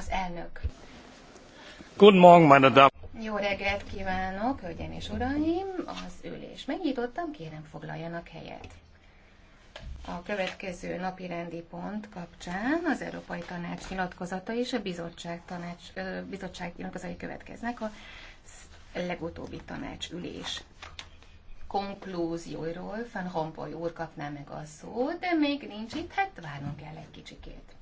az elnök. Good morning, Jó reggelt kívánok, hölgyeim és uraim! Az ülés megnyitottam, kérem foglaljanak helyet. A következő napi rendi pont kapcsán az Európai Tanács nyilatkozata és a bizottság, tanács, ö, bizottság nyilatkozai következnek a legutóbbi tanács ülés konklúzióiról Van Rompuy úr kapná meg a szót, de még nincs itt, hát várnunk kell egy kicsikét.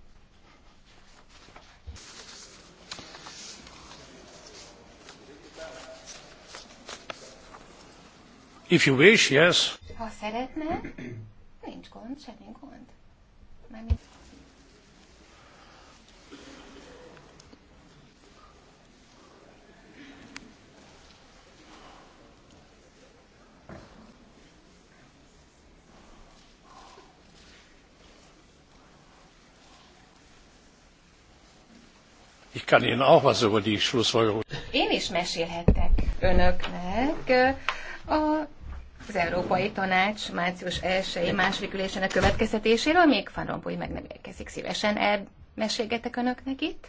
If you wish, yes. Ha szeretne, nincs gond, semmi gond. Mármint... Ich kann Ihnen auch was über die Schlussfolgerung. Én is mesélhettek önöknek a az Európai Tanács március 1-i második ülésének következtetéséről, még Van Rompuy meg nem érkezik szívesen. Elmesélgetek er- önöknek itt.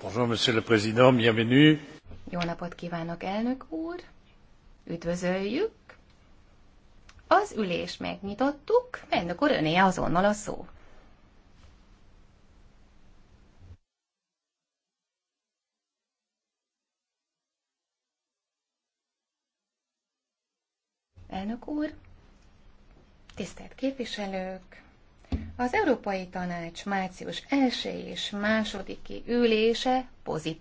Bonjour, Monsieur le Président, bienvenue. Jó napot kívánok, elnök úr! Üdvözöljük! Az ülés megnyitottuk, elnök úr, öné azonnal a szó. Elnök úr, tisztelt képviselők, az Európai Tanács március 1 és 2 ülése pozitív.